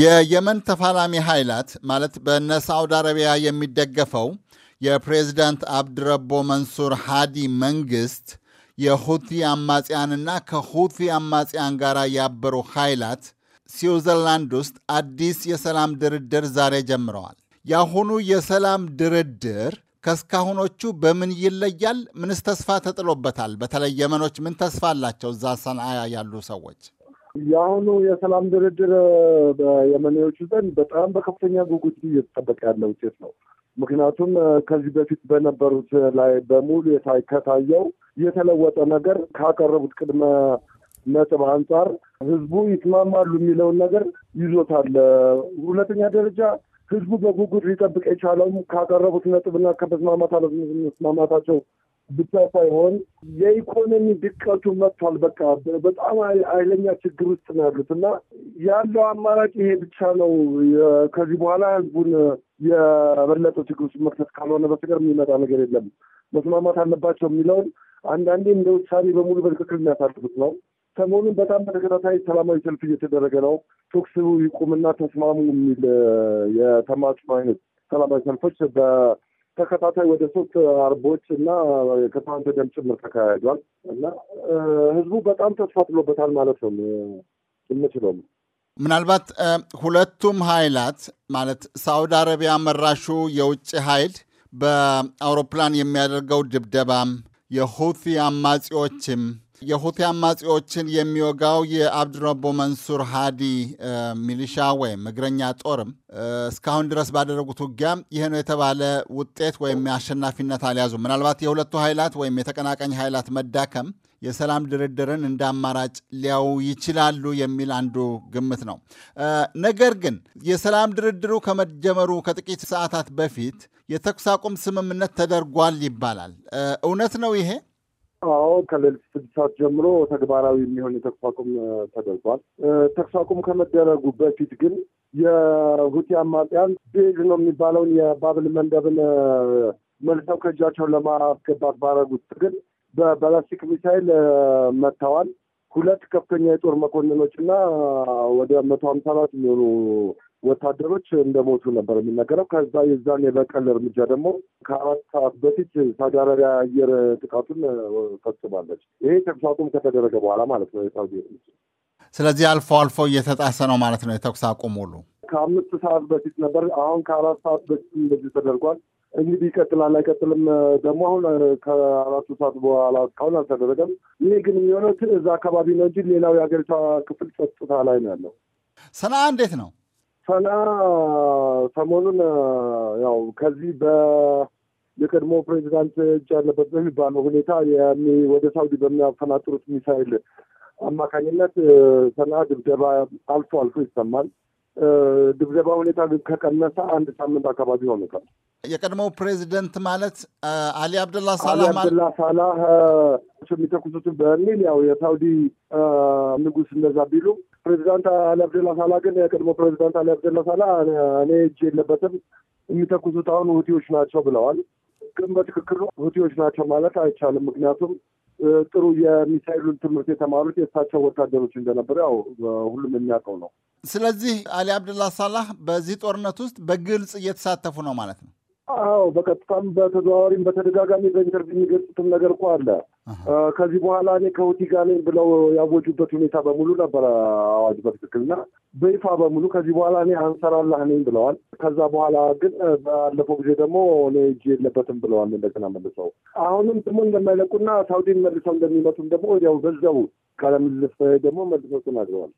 የየመን ተፋላሚ ኃይላት ማለት በነ ሳዑዲ አረቢያ የሚደገፈው የፕሬዚዳንት አብድረቦ መንሱር ሃዲ መንግስት የሁቲ አማጽያንና ከሁቲ አማጽያን ጋር ያበሩ ኃይላት ስዊዘርላንድ ውስጥ አዲስ የሰላም ድርድር ዛሬ ጀምረዋል። የአሁኑ የሰላም ድርድር ከእስካሁኖቹ በምን ይለያል? ምንስ ተስፋ ተጥሎበታል? በተለይ የመኖች ምን ተስፋ አላቸው? እዛ ሰንዓ ያሉ ሰዎች የአሁኑ የሰላም ድርድር የመኔዎቹ ዘንድ በጣም በከፍተኛ ጉጉት እየተጠበቀ ያለ ውጤት ነው። ምክንያቱም ከዚህ በፊት በነበሩት ላይ በሙሉ ከታየው የተለወጠ ነገር ካቀረቡት ቅድመ ነጥብ አንጻር ህዝቡ ይስማማሉ የሚለውን ነገር ይዞታል። ሁለተኛ ደረጃ ህዝቡ በጉጉት ሊጠብቅ የቻለውም ካቀረቡት ነጥብና ከመስማማት አለመስማማታቸው ብቻ ሳይሆን የኢኮኖሚ ድቀቱ መጥቷል። በቃ በጣም ኃይለኛ ችግር ውስጥ ነው ያሉት እና ያለው አማራጭ ይሄ ብቻ ነው። ከዚህ በኋላ ህዝቡን የበለጠ ችግር ውስጥ መክተት ካልሆነ በስተቀር የሚመጣ ነገር የለም። መስማማት አለባቸው የሚለውን አንዳንዴ እንደ ውሳኔ በሙሉ በትክክል የሚያሳልፉት ነው። ሰሞኑን በጣም በተከታታይ ሰላማዊ ሰልፍ እየተደረገ ነው። ተኩሱ ይቁምና ተስማሙ የሚል የተማጽኖ አይነት ሰላማዊ ሰልፎች ተከታታይ ወደ ሶስት አርቦች እና ከትናንት ወዲያም ጭምር ተካሂዷል እና ህዝቡ በጣም ተስፋ ጥሎበታል ማለት ነው የምችለውም ምናልባት ሁለቱም ኃይላት ማለት ሳውዲ አረቢያ መራሹ የውጭ ኃይል በአውሮፕላን የሚያደርገው ድብደባም የሁቲ አማጺዎችም የሁቲ አማጺዎችን የሚወጋው የአብድረቦ መንሱር ሃዲ ሚሊሻ ወይም እግረኛ ጦርም እስካሁን ድረስ ባደረጉት ውጊያ ይህ ነው የተባለ ውጤት ወይም አሸናፊነት አልያዙ። ምናልባት የሁለቱ ኃይላት ወይም የተቀናቃኝ ኃይላት መዳከም የሰላም ድርድርን እንደ አማራጭ ሊያው ይችላሉ የሚል አንዱ ግምት ነው። ነገር ግን የሰላም ድርድሩ ከመጀመሩ ከጥቂት ሰዓታት በፊት የተኩስ አቁም ስምምነት ተደርጓል ይባላል። እውነት ነው ይሄ? አዎ ከሌሊት ስድስት ሰዓት ጀምሮ ተግባራዊ የሚሆን የተኩስ አቁም ተደርጓል። ተኩስ አቁም ከመደረጉ በፊት ግን የሁቲ አማጽያን ቤዝ ነው የሚባለውን የባብል መንደብን መልሰው ከእጃቸው ለማስገባት ባረጉት ግን በባላስቲክ ሚሳይል መጥተዋል። ሁለት ከፍተኛ የጦር መኮንኖች እና ወደ መቶ ሀምሳ አራት የሚሆኑ ወታደሮች እንደሞቱ ነበር የሚነገረው። ከዛ የዛን የበቀል እርምጃ ደግሞ ከአራት ሰዓት በፊት ሳውዲ አረቢያ አየር ጥቃቱን ፈጽማለች። ይሄ ተኩስ አቁም ከተደረገ በኋላ ማለት ነው የሳውዲ እርምጃ። ስለዚህ አልፎ አልፎ እየተጣሰ ነው ማለት ነው የተኩስ አቁም ሁሉ ከአምስት ሰዓት በፊት ነበር። አሁን ከአራት ሰዓት በፊት እንደዚህ ተደርጓል። እንግዲህ ይቀጥላል አይቀጥልም ደግሞ አሁን ከአራቱ ሰዓት በኋላ እስካሁን አልተደረገም። ይህ ግን የሚሆነው እዛ አካባቢ ነው እንጂ ሌላው የሀገሪቷ ክፍል ጸጥታ ላይ ነው ያለው። ሰና እንዴት ነው? ሰና ሰሞኑን ያው ከዚህ የቀድሞ ፕሬዚዳንት እጅ ያለበት በሚባለው ሁኔታ ወደ ሳውዲ በሚያፈናጥሩት ሚሳይል አማካኝነት ሰና ድብደባ አልፎ አልፎ ይሰማል። ድብደባ ሁኔታ ግን ከቀነሰ አንድ ሳምንት አካባቢ ሆኖታል። የቀድሞ ፕሬዚደንት ማለት አሊ አብደላ ሳላ አብደላ ሳላህ የሚተኩሱትን በሚል ያው የሳውዲ ንጉስ እንደዛ ቢሉ ፕሬዚዳንት አሊ አብደላ ሳላ ግን የቀድሞ ፕሬዚዳንት አሊ አብደላ ሳላ እኔ እጅ የለበትም የሚተኩሱት አሁን ሁቲዎች ናቸው ብለዋል። ግን በትክክሉ ሁቲዎች ናቸው ማለት አይቻልም። ምክንያቱም ጥሩ የሚሳይሉን ትምህርት የተማሩት የእሳቸው ወታደሮች እንደነበረ ያው ሁሉም የሚያውቀው ነው። ስለዚህ አሊ አብደላ ሳላህ በዚህ ጦርነት ውስጥ በግልጽ እየተሳተፉ ነው ማለት ነው። አዎ በቀጥታም በተዘዋዋሪም በተደጋጋሚ በኢንተርቪው የሚገልጹትም ነገር እኮ አለ። ከዚህ በኋላ እኔ ከሁቲ ጋር ነኝ ብለው ያወጁበት ሁኔታ በሙሉ ነበረ አዋጅ በትክክልና በይፋ በሙሉ ከዚህ በኋላ እኔ አንሰራላህ ነኝ ብለዋል። ከዛ በኋላ ግን ባለፈው ጊዜ ደግሞ እኔ እጅ የለበትም ብለዋል እንደገና መልሰው። አሁንም ደግሞ እንደማይለቁና ሳውዲን መልሰው እንደሚመቱም ደግሞ ያው በዛው ቃለ ምልልስ ደግሞ መልሰው ተናግረዋል።